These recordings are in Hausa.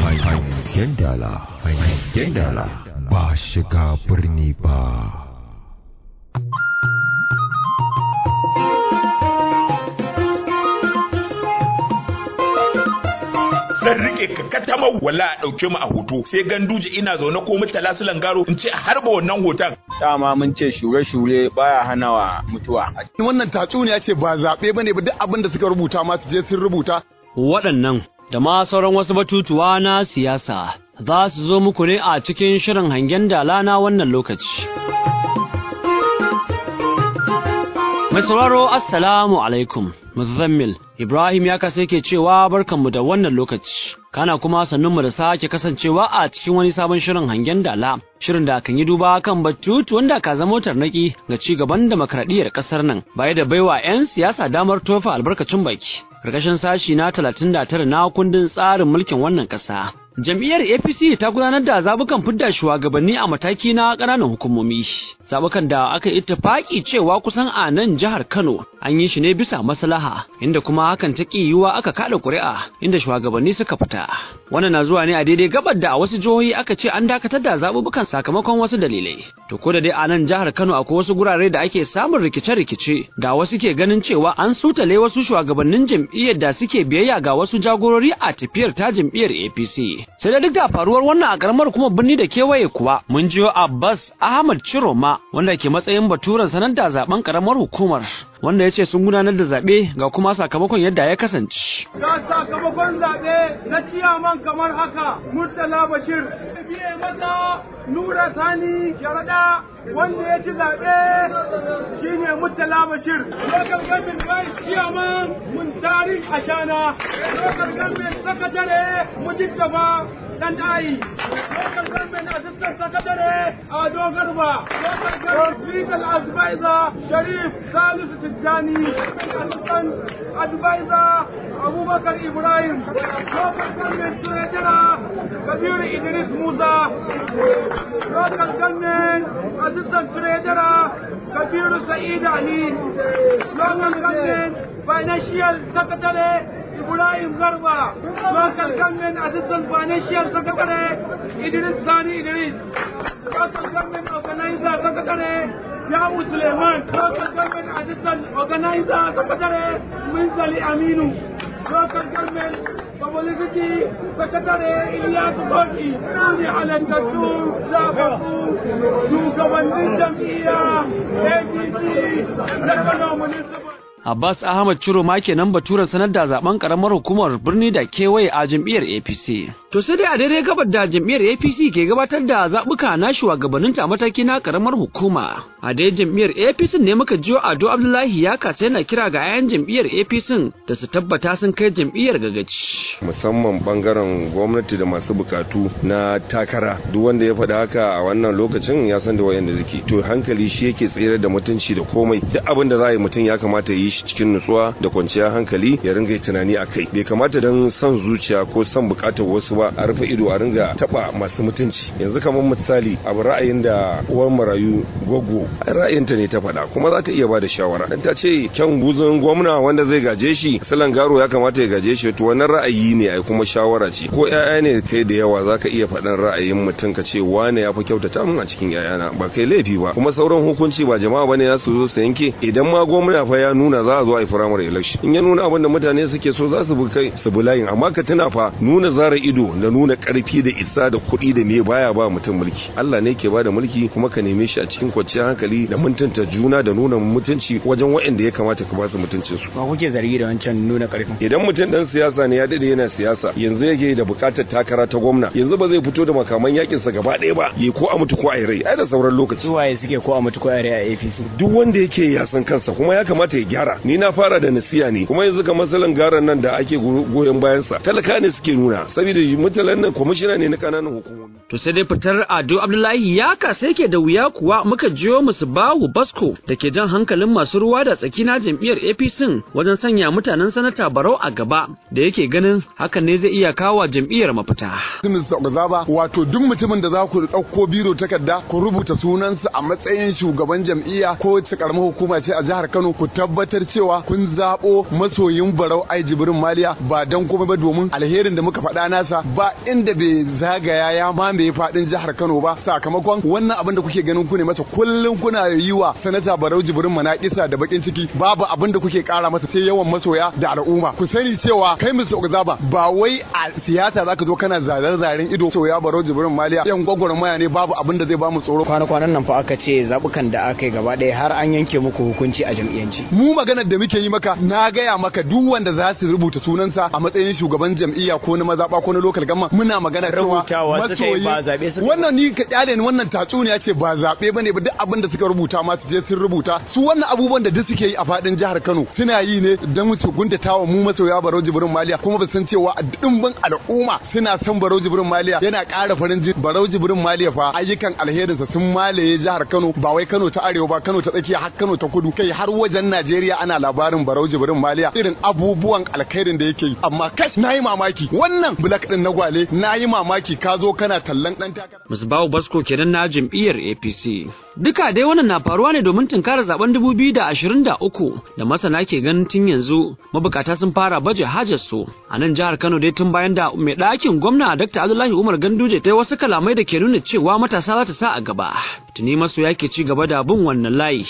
hangen dala dala ba shiga birni ba zan rike ka katama wala a ɗauke mu a hoto sai ganduje ina zaune ko mutala su langaro in ce a harba wannan hoton dama mun ce shure-shure baya hanawa mutuwa wannan tatsuniya ce ba zaɓe ne ba duk abin da suka rubuta ma su je sun rubuta waɗannan da ma sauran wasu batutuwa na siyasa za su zo muku ne a cikin shirin hangen dala na wannan lokaci. Mai sauraro Assalamu alaikum, Muzammil Ibrahim ya kasa yake cewa barkanmu da wannan lokaci. Kana kuma sannunmu da sake kasancewa a cikin wani sabon shirin hangen dala, shirin da kan yi duba kan batutu wanda ka zama tarnaki ga ci gaban makaradiyar kasar nan, baya da baiwa 'yan siyasa damar tofa albarkacin baki. karkashin sashi na 39 na kundin tsarin mulkin wannan ƙasa Jam'iyyar APC ta gudanar da zabukan fidda shugabanni a mataki na ƙananan hukumomi. Zabukan da aka faƙi cewa kusan a nan jihar Kano an yi shi ne bisa maslaha, inda kuma hakan ta yiwuwa aka kada ƙuri'a inda shugabanni suka fita. Wannan na zuwa ne a daidai gabar da a wasu jihohi aka ce an dakatar da zabubukan sakamakon wasu dalilai. To ko da dai a nan jihar Kano akwai wasu gurare da ake samun rikice-rikice da wasu ke ganin cewa an sutale wasu shugabannin jam'iyyar da suke biyayya ga wasu jagorori a tafiyar ta jam'iyyar APC. sai da duk da faruwar wannan a karamar kuma birni da kewaye kuwa mun jiyo Abbas Ahmad Ciroma, wanda ke matsayin baturen sananta da zaben karamar hukumar wanda ya ce sun gudanar da zaɓe ga kuma sakamakon yadda ya kasance. Ga sakamakon zaɓe na ciyaman kamar haka Murtala Bashir Saudi maza Nura Sani Sharaɗa wanda ya ci zaɓe shi ne Murtala Bashir. Local government vice chairman Muntari Ashana. Local government sakatare Mujiddaba Dandai, local government assistant secretary Ado Garba, local government advisor Sharif Tijjani, assistant advisor Abubakar Ibrahim, local government treasurer Idris Musa, local government assistant treasurer Kabiru Sa'id Ali, local government financial secretary برايم غربة لوكال government assistant financial secretary Idris Sani Idris local government organizer secretary Yawu Suleiman local government assistant organizer secretary Minzali Aminu local government publicity secretary Ilyas Bodi Sani Halantattu Zafaku shugabannin jam'iyya ADC da Kano Municipal Abbas Ahmad Ciro ma kenan baturen sanar da zaben karamar hukumar birni da kewaye a jam'iyyar APC. To sai dai a daidai gabar da jam'iyyar APC ke gabatar da zaɓuka na shugabannin ta mataki na karamar hukuma. A dai jam'iyyar APC ne muka jiyo Ado Abdullahi ya kasa yana kira ga 'ya'yan jam'iyyar APC da su tabbata sun kai jam'iyyar gagaci. Musamman bangaren gwamnati da masu bukatu na takara duk wanda ya faɗa haka a wannan lokacin ya san da wayanda suke. To hankali shi yake tsere da mutunci da komai duk abin da za a yi mutum ya kamata ya yi shi cikin nutsuwa da kwanciyar hankali ya ringa tunani a kai bai kamata dan son zuciya ko son bukatar wasu ba a rufe ido a ringa taba masu mutunci yanzu kamar misali abu ra'ayin da uwar marayu gwaggo ra'ayinta ne ta faɗa kuma za ta iya ba da shawara dan ta ce kyan guzun gwamna wanda zai gaje shi salan garo ya kamata ya gaje shi to wannan ra'ayi ne ai kuma shawara ce ko ya'ya ne kai da yawa zaka iya faɗan ra'ayin mutum ka ce wane ya fi kyautata min a cikin 'ya'yana ba kai laifi ba kuma sauran hukunci ba jama'a bane za su zo su yanke idan ma gwamna fa ya nuna da za a zo a yi firamare election in ya nuna abin da mutane suke so za su kai su bi layin amma ka tuna fa nuna zara ido da nuna karfi da isa da kuɗi da me baya ba mutum mulki Allah ne ke bada mulki kuma ka neme shi a cikin kwanciyar hankali da mutunta juna da nuna mutunci wajen waɗanda ya kamata ka ba su mutuncin su ba kuke zargi da wancan nuna karfin idan mutum dan siyasa ne ya dade yana siyasa yanzu yake da bukatar takara ta gwamna yanzu ba zai fito da makaman yakin sa gaba ɗaya ba yi ko a mutu ko a rai ai da sauran lokaci suwaye suke ko a mutu ko a rai a APC duk wanda yake ya san kansa kuma ya kamata ya gyara gara ni na fara da nasiya ne kuma yanzu ga masalan garan nan da ake goyon bayan sa talaka ne suke nuna saboda mutalan nan kwamishina ne na kananan hukumomi to sai dai fitar Ado Abdullahi ya ka sai ke da wuya kuwa muka jiyo musu bawu Basko da ke jan hankalin masu ruwa da tsaki na jam'iyyar APC wajen sanya mutanen sanata Barau a gaba da yake ganin hakan ne zai iya kawo jam'iyyar mafita wato duk mutumin da za ku ɗauko biro takarda ku rubuta sunansa a matsayin shugaban jam'iyya ko ta karamar hukuma ce a jihar Kano ku tabbatar tabbatar cewa kun zaɓo masoyin barau ai jibrin maliya ba don komai ba domin alherin da muka faɗa nasa ba inda bai zagaya ya mamaye faɗin jihar Kano ba sakamakon wannan abin da kuke ganin ku ne masa kullum kuna yi wa sanata barau jibrin Isa da bakin ciki babu abin da kuke kara masa sai yawan masoya da al'umma ku sani cewa kai Mr. Ogzaba ba wai a siyasa zaka zo kana zarar-zaren ido soya barau jibrin maliya yan maya ne babu abin da zai bamu tsoro kwana-kwanan nan fa aka ce zabukan da aka yi gaba ɗaya har an yanke muku hukunci a jam'iyyanci mu magana maganar da muke yi maka na gaya maka duk wanda za su rubuta sunansa a matsayin shugaban jam'iyya ko na mazaɓa ko na lokal gama muna magana cewa masoyi wannan ni ka kyale ni wannan tatsuniya ce ba zaɓe bane ba duk abin da suka rubuta ma su je sun rubuta su wannan abubuwan da duk suke yi a fadin jihar Kano suna yi ne don su guntatawa mu masoya Baroji Jibrin Maliya kuma ba san cewa a dimbin al'umma suna son Baroji birin Maliya yana ƙara farin jini Baroji birin Maliya fa ayyukan alherinsa sun malaye jihar Kano ba wai Kano ta arewa ba Kano ta tsakiya har Kano ta kudu kai har wajen Najeriya ana labarin barau jibrin maliya irin abubuwan alkhairin da yake yi amma kai na mamaki wannan black din na gwale nayi mamaki ka zo kana tallan dan takara Bawo basko kenan na jam'iyyar apc duka dai wannan na faruwa ne domin tunkarar zaben 2023 da masana ke ganin tun yanzu mabukata sun fara baje hajar su a nan jihar kano dai tun bayan da mai ɗakin gwamna dr abdullahi umar ganduje ta yi wasu kalamai da ke nuna cewa matasa za ta sa a gaba tuni masoya ke ci gaba da bin wannan layi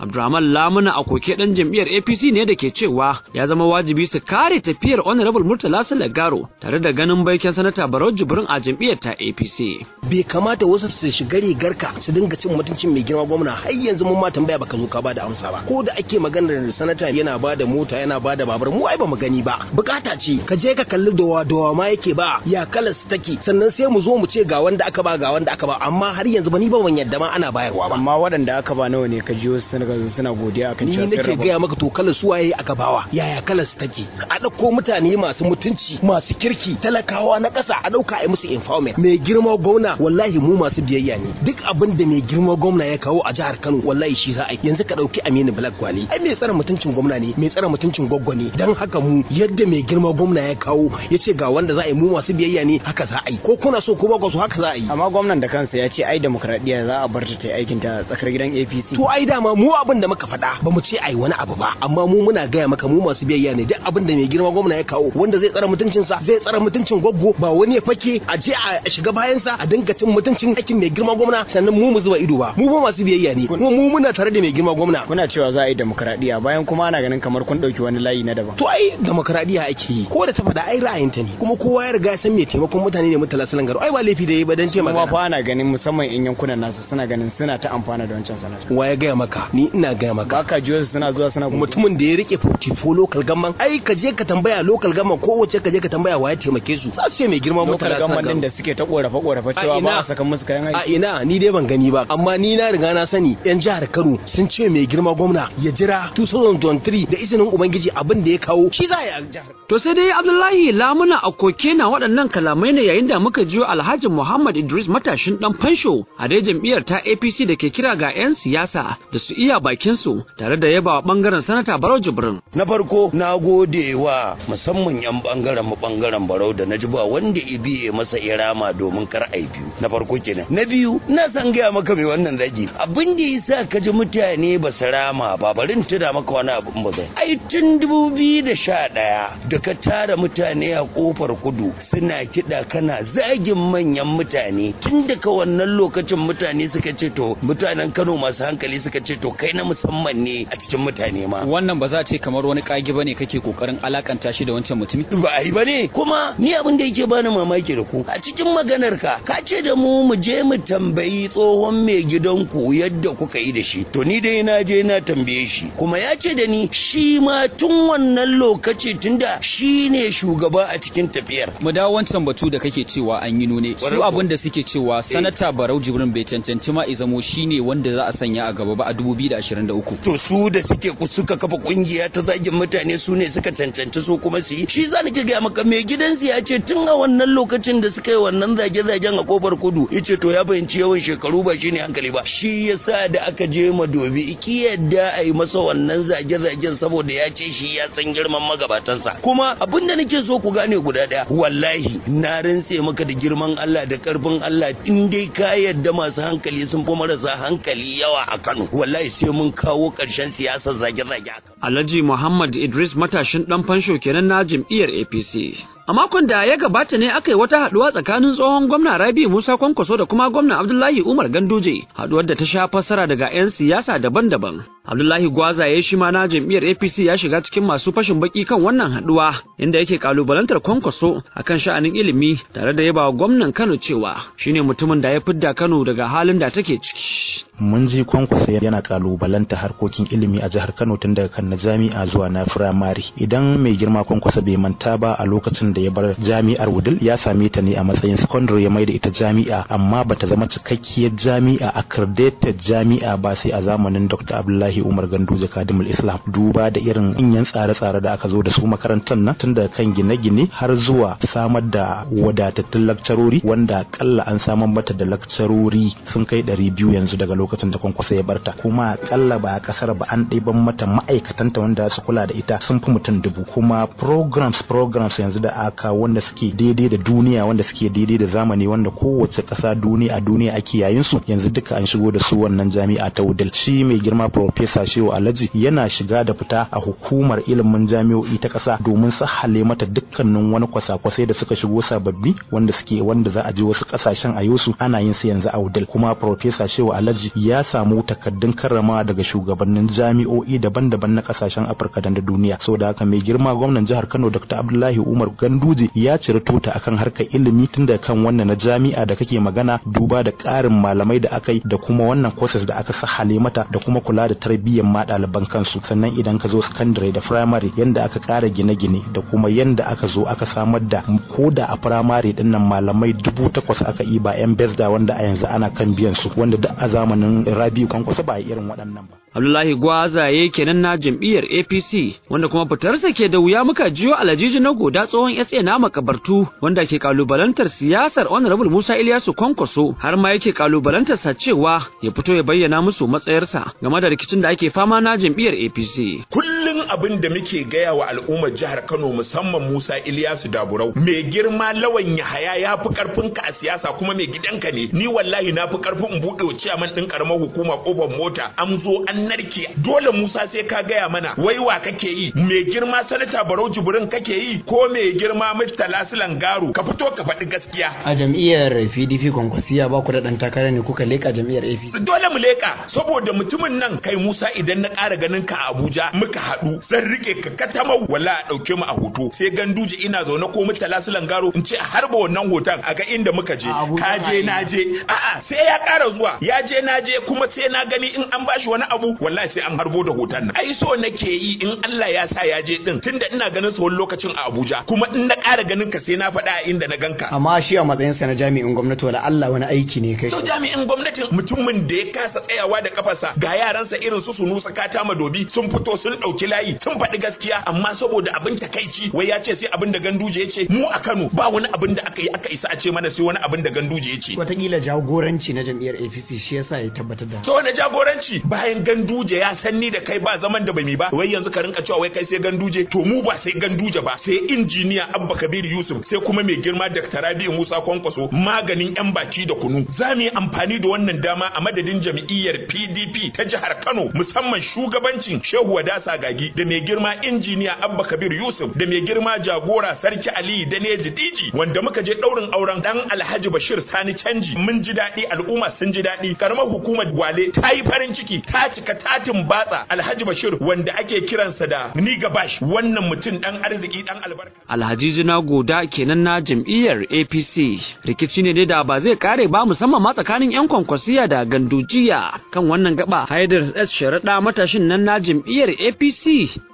Abdurrahman Lamuna a koke dan jam'iyyar APC ne da ke cewa ya zama wajibi su kare tafiyar Honorable Murtala Salagaro tare da ganin baikin sanata Barau Jibrin a jam'iyyar ta APC. Bai kamata wasu su shiga rigarka su dinga cin mutuncin mai girma gwamna har yanzu mun ma tambaya baka zo ka bada amsa ba. Ko da ake maganar sanata yana bada mota yana bada babur mu ai ba mu gani ba. Bukata ce ka je ka kalli dawa dawa ma yake ba ya kalar su take sannan sai mu zo mu ce ga wanda aka ba ga wanda aka ba amma har yanzu ba ni ba ban yadda ma ana bayarwa ba. Amma waɗanda aka ba nawa ne ka jiyo sun daga suna godiya akan cewa sai nake gaya maka to kala suwaye aka bawa yaya kala su take a dauko mutane masu mutunci masu kirki talakawa na ƙasa a dauka a musu empowerment mai girma gwamna wallahi mu masu biyayya ne duk abin da mai girma gwamna ya kawo a jihar Kano wallahi shi za a yi yanzu ka dauki Aminu Black Gwale ai mai tsara mutuncin gwamna ne mai tsara mutuncin gwaggwa ne dan haka mu yadda mai girma gwamna ya kawo ya ce ga wanda za a yi mu masu biyayya ne haka za a yi ko kuna so ko ba ku so haka za a yi amma gwamnan da kansa ya ce ai demokradiya za a bar ta ta aikin ta tsakar gidan APC to ai dama mu abin da muka faɗa ba mu ce ai wani abu ba amma mu muna gaya maka mu masu biyayya ne duk abin da mai girma gwamna ya kawo wanda zai tsara sa zai tsara mutuncin gwaggo ba wani ya fake a je a shiga bayansa a dinga cin mutuncin aikin mai girma gwamna sannan mu mu zuba ido ba mu ba masu biyayya ne kuma mu muna tare da mai girma gwamna kuna cewa za a yi demokradiya bayan kuma ana ganin kamar kun dauki wani layi na daban to ai demokradiya ake yi ko da ta faɗa ai ta ne kuma kowa ya riga ya san me taimakon mutane ne mutala garo ai ba laifi da yi ba dan kuma fa ana ganin musamman in yankunan nasu suna ganin suna ta amfana da wancan sanata wa ya gaya maka ni ina gaya maka ba ka jiyo suna zuwa suna mutumin da ya rike portfolio local gamman ai ka je ka tambaya local gamman ko wace ka je ka tambaya waye taimake su za su ce mai girma mutane local gamman din da suke ta korafa korafa cewa ba a saka musu kayan aiki a ina ni dai ban gani ba amma ni na riga na sani yan jihar Kano sun ce mai girma gwamna ya jira 2023 da izinin ubangiji abin da ya kawo shi za ya jihar to sai dai Abdullahi Lamuna koke na waɗannan kalamai ne yayin da muka jiyo Alhaji Muhammad Idris matashin dan fansho a dai jam'iyyar ta APC da ke kira ga 'yan siyasa da su iya a bakinsu tare da yaba bangaren sanata barau jibrin na farko na gode wa musamman yan bangaren mu bangaren barau da naji ba wanda ibiye masa irama domin kar ai biyu na farko kenan na biyu na san gaya maka mai wannan zagi abin da yasa ka ji mutane ba su rama ba barin tuna maka wani abu ba zai ai tun 2011 da ka tara mutane a kofar kudu suna kiɗa kana zagin manyan mutane tun daga wannan lokacin mutane suka ce to mutanen Kano masu hankali suka ce to kai kai na musamman ne a cikin mutane ma wannan ba za ta ce kamar wani kage bane kake kokarin alakanta shi da wancan mutumi ba ai bane kuma ni abin da yake bani mamaki da ku a cikin maganar ka ka ce da mu mu je mu tambayi tsohon mai gidanku yadda kuka yi da shi to ni dai na je na tambaye shi kuma ya ce da ni shi ma tun wannan lokaci tunda shi ne shugaba a cikin tafiyar mu dawo wancan batu da kake cewa an yi nune su abin da suke cewa eh. sanata barau jibrin bai cancanci ma izamo shine wanda za a sanya a gaba ba a 2023 to su da suke suka kafa kungiya ta zagin mutane su ne suka cancanci su kuma su yi shi za ni gaya maka mai gidansu ya ce tun a wannan lokacin da suka yi wannan zage-zagen a kofar kudu ya ce to ya fahimci yawan shekaru ba shi ne hankali ba shi ya sa da aka je madobi iki yadda a masa wannan zage-zagen saboda ya ce shi ya san girman magabatansa kuma abin da nake so ku gane guda ɗaya. wallahi na rantse maka da girman Allah da karfin Allah in dai ka yadda masu hankali sun fi marasa hankali yawa a Kano wallahi sai mun kawo ƙarshen siyasar zage-zage Alhaji Muhammad Idris matashin ɗan fansho kenan na jam'iyyar APC. A makon da ya gabata ne aka yi wata haɗuwa tsakanin tsohon gwamna Rabi Musa Kwankwaso da kuma gwamna Abdullahi Umar Ganduje, haɗuwar da ta sha fassara daga 'yan siyasa daban-daban. Abdullahi Gwaza ya shi ma na jam'iyyar APC ya shiga cikin masu fashin baki kan wannan haduwa inda yake kalubalantar kwankwaso akan sha'anin ilimi tare da yabawa gwamnan Kano cewa shine mutumin da ya fidda Kano daga halin da take ciki. Mun ji kwankwaso yana kalubalanta harkokin ilimi a jihar Kano tun daga kan na jami'a zuwa na firamare. Idan mai girma kwankwaso bai manta ba a lokacin da ya bar jami'ar Wudil ya same ta ne a matsayin secondary ya maida ita jami'a amma bata zama cikakkiyar jami'a accredited jami'a ba sai a zamanin Dr. Abdullahi Abdullahi Umar Gandu Kadimul Islam duba da irin inyan tsare-tsare da aka zo da su makarantar nan tun da kan gine-gine har zuwa samar da wadatattun lakcarori wanda kalla an samar mata da lakcarori sun kai ɗari biyu yanzu daga lokacin da kwankwasa ya barta kuma kalla ba a kasar ba an ɗiban mata ma'aikatanta wanda su kula da ita sun fi mutum dubu kuma programs programs yanzu da aka wanda suke daidai da duniya wanda suke daidai da zamani wanda kowace ƙasa duniya a duniya ake yayin su yanzu duka an shigo da su wannan jami'a ta wudil shi mai girma professor Shehu Alhaji yana shiga da fita a hukumar ilimin jami'o'i ta ƙasa domin sahale mata dukkanin wani kwasa-kwasai da suka shigo sababbi wanda suke wanda za a je wasu ƙasashen a yosu ana yin su yanzu a Udal kuma Profesa Shehu Alhaji ya samu takaddun karrama daga shugabannin jami'o'i daban-daban na ƙasashen Afirka da duniya da haka mai girma gwamnan jihar Kano Dr. Abdullahi Umar Ganduje ya cire tuta akan harkar ilimi tun da kan wannan na jami'a da kake magana duba da ƙarin malamai da aka yi da kuma wannan courses da aka sahale mata da kuma kula da tarbiyya biyan ma ɗaliban kansu sannan idan ka zo sakandare da firamare yanda aka ƙara gine-gine da kuma yanda aka zo aka samar da koda a firamare ɗin nan malamai dubu takwas aka yi ba yan besda wanda a yanzu ana kan biyan su wanda duk a zamanin rabiu kusa ba a irin waɗannan ba abdullahi yi kenan na jam'iyyar apc wanda kuma fitarsa ke da wuya muka jiyo alajiji na goda tsohon sa na makabartu wanda ke kalubalantar siyasar honorable musa ilyasu kwankwaso har ma yake kalubalantar sa cewa ya fito ya bayyana musu matsayarsa game da rikicin da ake fama na jam'iyyar apc kullum abin da muke gaya wa al'ummar jihar kano musamman musa ilyasu daburau mai girma lawan yahaya ya fi karfin a siyasa kuma mai gidanka ne ni wallahi na fi karfin in buɗe wa ciyaman ɗin karamar hukuma kofar mota an zo an narke dole Musa sai ka gaya mana wai wa kake yi me girma sanata Barau Jibrin kake yi ko me girma Murtala Lasilan Garu ka fito ka faɗi gaskiya a jam'iyyar PDP konkursiya ba ku da dan takara ne kuka leka jam'iyyar APC dole mu leka saboda mutumin nan kai Musa idan na ƙara ganin ka a Abuja muka haɗu zan rike ka katama wala a ɗauke mu a hoto sai ganduje ina zaune ko Murtala Lasilan Garu in ce a harba wannan hoton a ga inda muka je ka je na je a'a sai ya ƙara zuwa ya je na je kuma sai na gani in an bashi wani abu hannu wallahi sai an harbo da hoton nan ai so nake yi in Allah ya sa ya je din tunda ina ganin su wani lokacin a Abuja kuma in na ƙara ganin ka sai na faɗa a inda na ganka amma shi a matsayin sa na jami'in gwamnati wala Allah wani aiki ne kai so jami'in gwamnatin mutumin da ya kasa tsayawa da kafarsa ga yaransa irin su sunusa kata madobi sun fito sun ɗauki layi sun faɗi gaskiya amma saboda abin takaici wai ya ce sai abin da ganduje ya ce mu a Kano ba wani abin da aka yi aka isa a ce mana sai wani abin da ganduje ya ce wataƙila jagoranci na jam'iyyar APC shi yasa ya tabbatar da to wani jagoranci bayan ganduje ya sanni da kai ba zaman da bai ba wai yanzu ka rinka cewa wai kai sai ganduje to mu ba sai ganduje ba sai injiniya abba kabir yusuf sai kuma mai girma dr rabi'u musa kwankwaso maganin yan baki da kunu za mu yi amfani da wannan dama a madadin jam'iyyar pdp ta jihar kano musamman shugabancin shehu wadasa gagi da mai girma injiniya abba kabir yusuf da mai girma jagora sarki aliyu da neji diji wanda muka je daurin auren dan alhaji bashir sani canji mun ji daɗi al'umma sun ji daɗi karamar hukumar gwale ta yi farin ciki ta cika tatin batsa Alhaji Bashir wanda ake kiransa da ni gabash wannan mutum dan arziki dan albarka Alhaji Jina Goda kenan na jam'iyyar APC rikici ne da ba zai kare ba musamman ma tsakanin yan kwankwasiya da gandujiya kan wannan gaba Haidar S Sharada matashin nan na jam'iyyar APC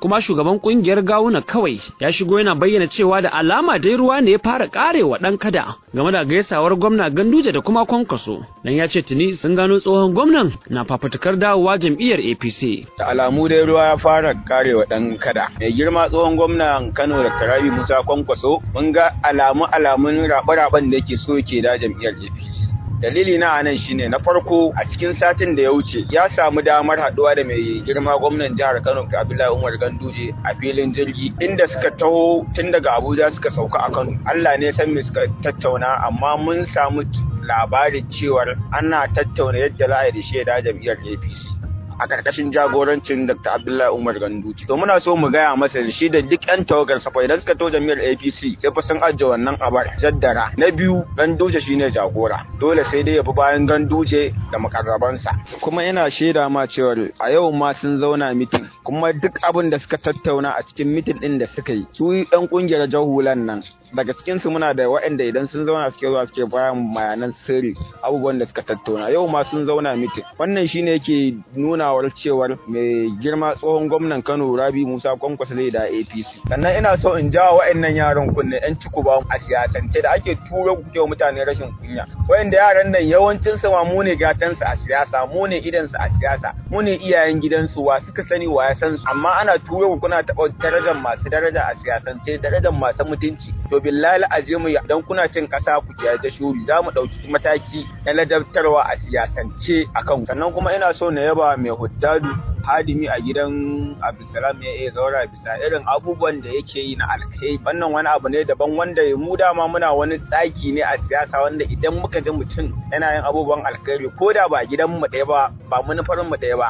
kuma shugaban kungiyar gawuna kawai ya shigo yana bayyana cewa da alama dai ruwa ne ya fara karewa dan kada game da gaisawar gwamna Ganduje da kuma kwankwaso nan ya ce tuni sun gano tsohon gwamnan na fafutukar dawowa jam'iyyar jam'iyyar APC. Da alamu dai ruwa ya fara karewa ɗan kada. Mai girma tsohon gwamnan Kano da Rabi Musa Kwankwaso mun ga alamu alamun raɓe-raɓen da ke so ke da jam'iyyar APC. dalili na anan shine na farko a cikin satin da ya wuce ya samu damar haɗuwa da mai girma gwamnan jihar Kano Abdullahi Umar Ganduje a filin jirgi inda suka taho tun daga Abuja suka sauka a Kano Allah ne san me suka tattauna amma mun samu labarin cewar ana tattauna yadda za a yi da shaida jam'iyyar APC a ƙarƙashin jagorancin Dr. Abdullahi Umar Ganduci. To muna so mu gaya masa shi da duk 'yan tawagar sa idan suka to jami'ar APC sai fa sun ajiye wannan abar jaddara. Na biyu Ganduce shine jagora. Dole sai dai ya fi bayan Ganduce da makarrabansa. Kuma yana shaida ma cewa a yau ma sun zauna mitin kuma duk abin da suka tattauna a cikin mitin ɗin da suka yi su 'yan ƙungiyar jahulan nan daga cikin su muna da waɗanda idan sun zauna suke zuwa suke bayan bayanan sirri abubuwan da suka tattauna yau ma sun zauna mitin wannan shine yake nunawar cewar mai girma tsohon gwamnan Kano Rabi Musa Kwankwasa zai da APC sannan ina so in jawo waɗannan yaran kunne yan ciku ba a siyasance da ake tura ke mutane rashin kunya waɗanda yaran nan yawancin su mu ne gatansu a siyasa mu ne idansu a siyasa mu ne iyayen gidansu wa suka sani wa ya san su amma ana tura kuna taɓa darajar masu daraja a siyasance darajar masu mutunci to billahi azimu idan kuna cin kasa ku ji ta shuri za mu ɗauki mataki na ladabtarwa a siyasance akan sannan kuma ina so na yaba mai huddadu hadimi a gidan Abdulsalam ya iya zaura bisa irin abubuwan da yake yi na alkai wannan wani abu ne daban wanda mu dama muna wani tsaki ne a siyasa wanda idan muka ji mutum yana yin abubuwan alkhairi ko da ba gidan mu ɗaya ba ba manufarin mu ɗaya ba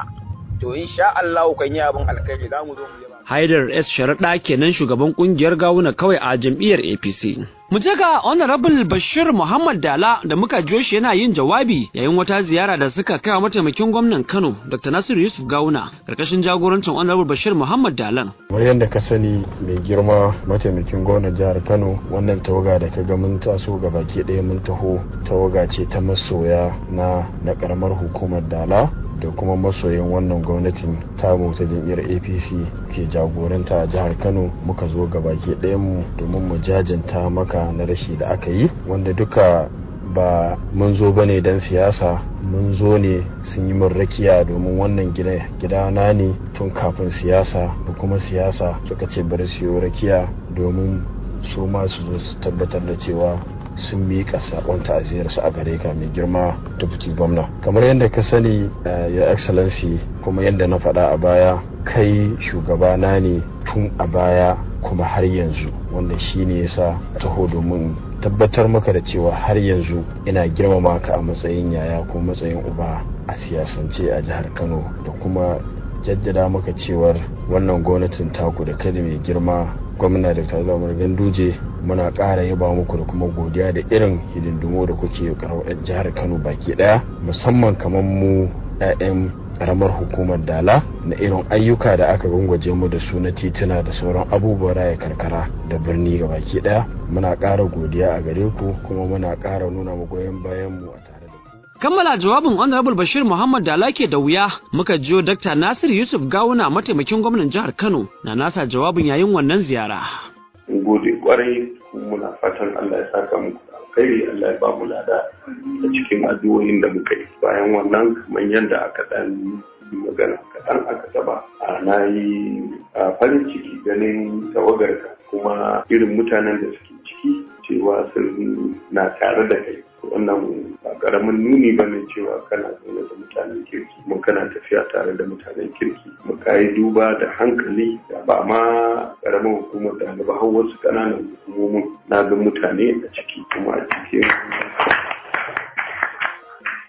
to insha Allah kan yi abin alkhairi za mu zo mu yi haidar s sharaɗa kenan shugaban ƙungiyar gawuna kawai a jam'iyyar apc mu je ga honorable bashir muhammad dala da muka jiyo shi yana yin jawabi yayin wata ziyara da suka kai wa mataimakin gwamnan kano dr nasiru yusuf gawuna karkashin jagorancin honorable bashir muhammad dalan kamar yadda ka sani mai girma mataimakin gwamnan jihar kano wannan tawaga da ka ga mun taso ga baki ɗaya mun taho tawaga ce ta masoya na na karamar hukumar dala da kuma masoyin wannan gwamnatin tamu ta jam'iyyar apc ke jagoranta a jihar kano muka zo ɗayan mu domin mu jajanta maka na rashi da aka yi wanda duka ba mun zo ba ne don siyasa mun zo ne sun yi rakiya domin wannan gida na ne tun kafin siyasa da kuma siyasa suka ce bari su yi rakiya domin su ma su zo su tabbatar da cewa sun miƙa saƙon ta'aziyarsu a gare ka mai girma deputy gwamna kamar yadda ka sani eh, ya excellency kuma yadda na faɗa a baya kai shugaba na ne tun a baya kuma har yanzu wanda ne shine sa taho domin tabbatar maka da cewa har yanzu ina girmama ka a matsayin yaya ko matsayin uba a siyasance a jihar kano da kuma jaddada maka cewar wannan gwamnatin taku da kada mai girma gwamna da zama gandu je muna ƙara yaba muku da kuma godiya da irin hidindimo da kuke a jihar kano baki daya musamman kamar mu 'ya'yan karamar hukumar dala na irin ayyuka da aka gungwaje mu da su na tituna da sauran abubuwan raya karkara da birni ga baki daya muna ƙara godiya a gare ku kuma muna kara nuna mu goyon bayan mu a tare da ku kammala jawabin honorable bashir muhammad da dalake da wuya muka jiyo dr nasir yusuf gawuna mataimakin gwamnan jihar kano na nasa jawabin yayin wannan ziyara gode kwarai muna fatan allah ya saka muku alkhairi allah ya ba mu lada da cikin addu'o'in da muka yi bayan wannan kamar yadda aka dan magana kaɗan aka taba a na yi farin ciki ganin tawagarka kuma irin mutanen da suke ciki cewa sun na tare da kai wannan ba karamin nuni ba ne cewa kana zaune da mutanen kirki kuma kana tafiya tare da mutanen kirki Mu ka yi duba da hankali da ba ma karamin hukumar da ba har wasu ƙananan hukumomin na ga mutane a ciki kuma a cikin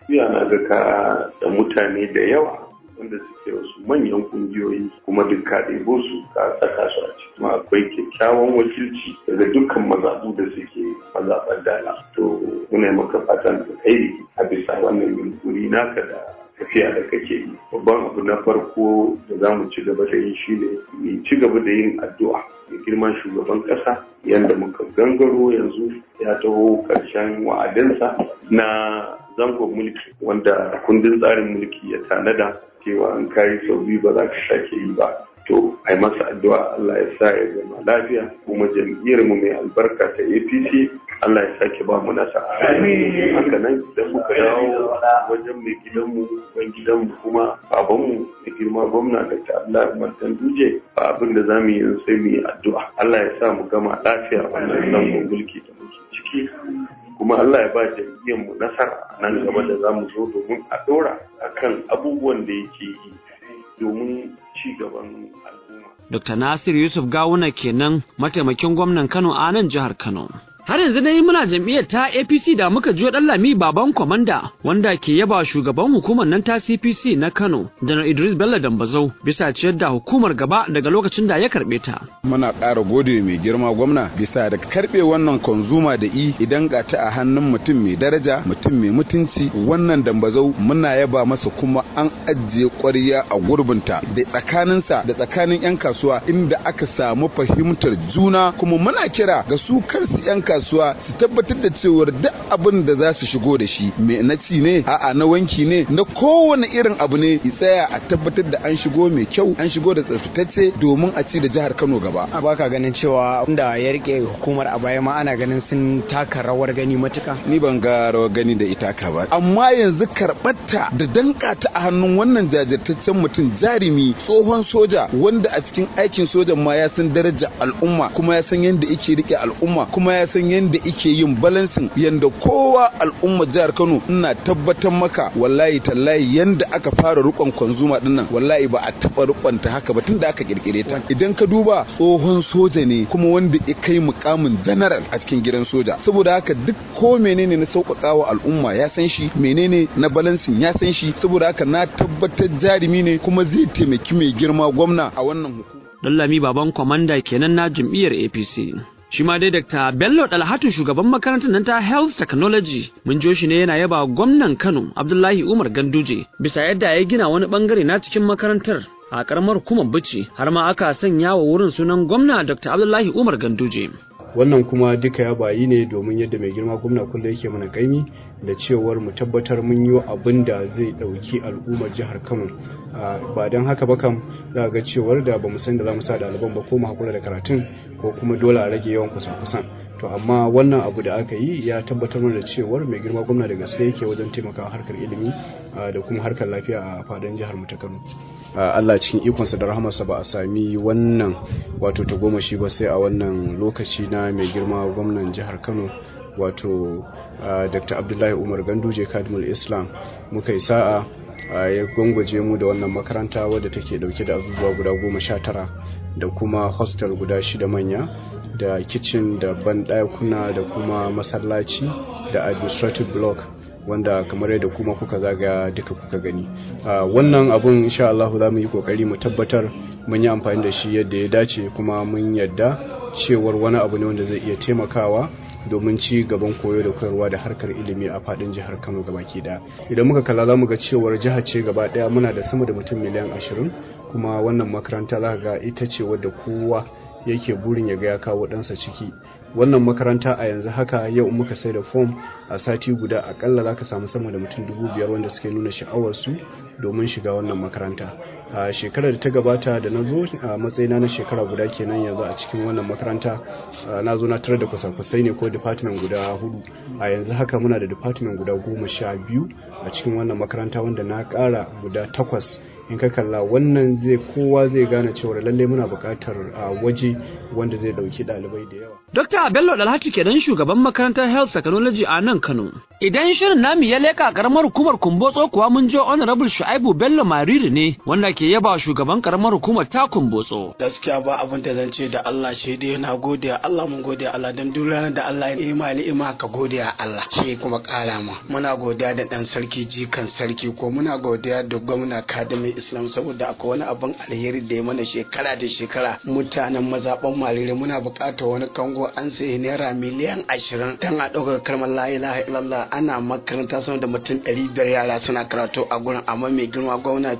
na ga ka da mutane da yawa wanda suke wasu manyan kungiyoyi kuma duk ka ɗebo su ka saka su a ciki akwai kyakkyawan wakilci daga dukkan mazaɓu da suke mazaɓar to muna maka fatan kai a bisa wannan yunkuri naka da tafiya da kake yi babban abu na farko da za mu ci gaba da yin shi ne mu ci gaba da yin addu'a da girman shugaban ƙasa yadda muka gangaro yanzu ya taho ƙarshen wa'adinsa na zangon mulki wanda kundin tsarin mulki ya tanada cewa an kayi sau biyu ba za ka sake yi ba to a yi masa addu'a Allah ya sa ya zama lafiya kuma jam'iyyar mu mai albarka ta APC Allah ya sake ba mu nasara haka nan da muka dawo wajen mai gidanmu ban gidanmu kuma babanmu da girma gwamna da ta Allah Martin Duje ba abin da za yi sai mu yi addu'a Allah ya sa mu gama lafiya wannan mu mulki da mu ciki kuma Allah ya ba jam'iyyar mu nasara nan gaba da zamu zo domin a dora akan abubuwan da yake yi domin ci gaban al'umma. Dr. Nasir Yusuf Gawuna kenan mataimakin gwamnan Kano a nan jihar Kano. har yanzu dai muna jam'iyyar ta apc da muka jiyo lami baban kwamanda wanda ke yaba shugaban hukumar nan ta cpc na kano janar idris bello dambazau bisa ciyar da hukumar gaba daga lokacin da ya karɓe ta muna ƙara gode mai girma gwamna bisa da karbe wannan konzuma da i idan ga ta a hannun mutum mai daraja mutum mai mutunci wannan dambazau muna yaba masa kuma an ajiye ƙwarya a gurbinta da tsakaninsa da tsakanin 'yan kasuwa inda aka samu fahimtar juna kuma muna kira ga su kansu 'yan kasuwa kasuwa su tabbatar da cewar duk abin da za su shigo da shi me na ci ne a'a na wanki ne na kowane irin abu ne i tsaya a tabbatar da an shigo mai kyau an shigo da tsaftatacce domin a ci da jihar Kano gaba ba ka ganin cewa inda ya rike hukumar a baya ma ana ganin sun taka rawar gani matuka ni ban ga rawar gani da ita ka ba amma yanzu karbatta da danka ta a hannun wannan jajirtaccen mutum jarumi tsohon soja wanda a cikin aikin sojan ma ya san daraja al'umma kuma ya san yadda yake rike al'umma kuma ya san irin yadda ike yin balansin yadda kowa al'ummar jihar Kano ina tabbatar maka wallahi tallahi yadda aka fara rukon kwanzuma dinnan wallahi ba a taba rukonta haka ba tun da aka kirkire ta idan ka duba tsohon soja ne kuma wanda ya kai mukamin janaral a cikin gidan soja saboda haka duk ko menene na sauƙaƙa wa al'umma ya san shi menene na balansin ya san shi saboda haka na tabbatar jarumi ne kuma zai taimaki mai girma gwamna a wannan hukuma. Lami, baban kwamanda kenan na jam'iyyar APC. shi ma dai Dr. Bello Dalhatu shugaban makarantar nan ta Health Technology mun jo shi ne yana yaba gwamnan Kano Abdullahi Umar Ganduje bisa yadda ya gina wani bangare na cikin makarantar a karamar hukumar bici har ma aka sanya wa wurin sunan gwamna Dr. Abdullahi Umar Ganduje wannan kuma duka ya bayi ne domin yadda mai girma gwamna kullum yake mana kaimi da cewar mu tabbatar mun yi abin da zai ɗauki al'ummar jihar kano ba don haka ba kam za ga cewar da ba mu san da za mu sa ɗaliban ba ko mu hakura da karatun ko kuma dole a rage yawan kusa-kusan to amma wannan abu da aka yi ya tabbatar da cewar mai girma gwamna da gaske yake wajen taimakawa harkar ilimi da kuma harkar lafiya a fadin jihar mu ta Kano Allah cikin ikonsa da rahamarsa ba a sami wannan wato ta tagomashi ba sai a wannan lokaci na mai girma gwamnan jihar Kano wato Dr. Abdullahi Umar Ganduje Kadimul Islam muka yi sa'a ya gwangwaje mu da wannan makaranta wadda take dauke da abubuwa guda goma sha tara da kuma hostel guda shida manya da kitchen da kuna da kuma masallaci da administrative block wanda kamar yadda kuma kuka zaga duka kuka gani wannan abun insha Allah za mu yi kokari mu tabbatar mun yi amfani da shi yadda ya dace kuma mun yadda cewar wani abu ne wanda zai iya taimakawa domin ci gaban koyo da koyarwa da harkar ilimi a fadin jihar Kano ke daya idan muka kalla zamu ga cewar jiha ce gaba daya muna da sama da mutum miliyan ashirin kuma wannan makaranta za ga ita ce wadda kowa yake burin ya ga ya kawo ɗansa ciki wannan makaranta a yanzu haka yau muka sai da fom a sati guda akalla za ka samu sama da mutum dubu biyar wanda suke nuna sha'awarsu domin shiga wannan makaranta a shekarar da ta gabata da na zo a matsayina na shekara guda kenan yanzu a cikin wannan makaranta na zo na tarar da kusa-kusai ne ko department guda hudu a yanzu haka muna da department guda goma sha biyu a cikin wannan makaranta wanda na kara guda takwas in ka kalla wannan zai kowa zai gane cewa lallai muna buƙatar waje wanda zai ɗauki ɗalibai da yawa. Dokta Bello ke kenan shugaban makarantar Health Technology a nan Kano. Idan shirin nami ya leka karamar hukumar Kumbotso kuwa mun je Honorable Shu'aibu Bello Mariri ne wanda ke yaba shugaban karamar hukumar ta Kumbotso. Gaskiya ba abin da zan ce da Allah shi dai na gode Allah mun gode Allah dan duk ranar da Allah ya ima ka gode Allah shi kuma ƙara ma. Muna godiya da dan sarki jikan sarki ko muna godiya da gwamna kadami islam saboda akwai wani abin alheri da ya mana shekara da shekara mutanen mazaban malire muna bukatar wani kango an sayi naira miliyan ashirin dan a ɗaukar kalmar la ilaha illallah ana makaranta sama da mutum ɗari biyar yara suna karatu a gurin amma mai girma gwamna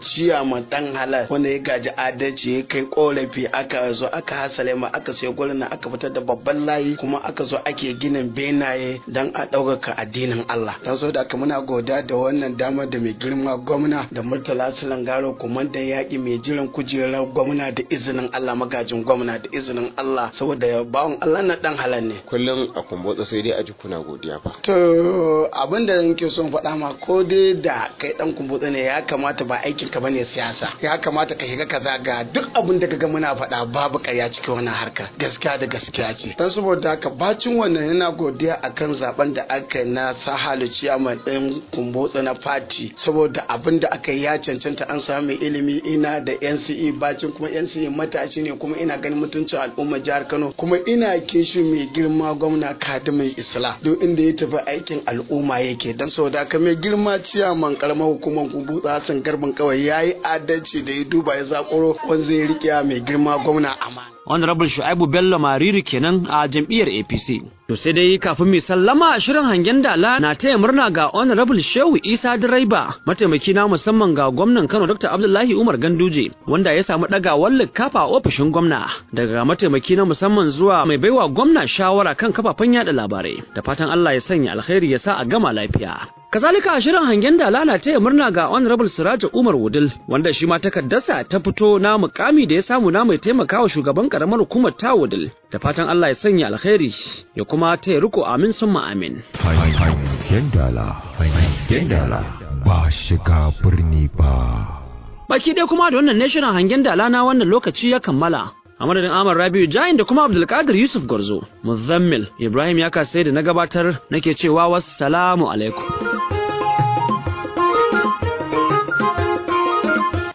ma ɗan halal wanda ya gaji adalci ya kai korafi aka zo aka hasale ma aka sai gurin na aka fitar da babban layi kuma aka zo ake ginin benaye don a ɗaukaka addinin Allah. Don saboda aka muna goda da wannan dama da mai girma gwamna da Murtala Sulan Garo ƙara kumandan yaƙi mai jiran kujerar gwamna da izinin Allah magajin gwamna da izinin Allah saboda Bawon Allah na dan halal ne. Kullum a kumbotsa sai dai a ji kuna godiya fa. To abin da nake son faɗa ma ko dai da kai dan kumbotsa ne ya kamata ba aikin ka bane siyasa ya kamata ka shiga kaza ga duk abin da kaga muna faɗa babu ƙarya cikin wannan harkar gaskiya da gaskiya ce. Dan saboda haka bacin wannan yana godiya akan zaben da aka yi na sahalu ciyaman ɗin kumbotsa na fati saboda abin da aka yi ya cancanta an sa samun ilimi ina da NCE bacin kuma NCE matashi ne kuma ina ganin mutuncin al'umma jihar Kano kuma ina kishi mai girma gwamna Kadimin Isla don inda ya tafi aikin al'umma yake don saboda ka mai girma ciyaman karamar hukumar gubu Hassan garbin kawai yayi adalci da ya duba ya zakoro wanda zai riƙe mai girma gwamna amana. honorable shu'aibu bello mariri kenan a jam'iyyar apc to sai dai kafin mai sallama shirin hangen dala na taya murna ga honorable shehu isa direba mataimaki na musamman ga gwamnan kano dr abdullahi umar ganduje wanda ya samu ɗagawar likafa a ofishin gwamna daga mataimaki na musamman zuwa mai baiwa gwamna shawara kan kafafen yada labarai da fatan allah ya sanya alkhairi ya sa a gama lafiya kazalika a shirin hangen da lalata ya murna ga honorable siraja umar wudil wanda shi ma takaddarsa ta fito na mukami da ya samu na mai taimakawa shugaban karamar hukumar ta wudil da fatan allah ya sanya alkhairi ya kuma ta riko amin summa amin hangen dala hangen dala ba shiga birni ba baki dai kuma da wannan national hangen dala na wannan lokaci ya kammala a madadin Amar Rabiu Jain da kuma Abdulkadir Yusuf Gorzo, Muzammil Ibrahim ya kasai da na gabatar nake cewa wassalamu alaikum.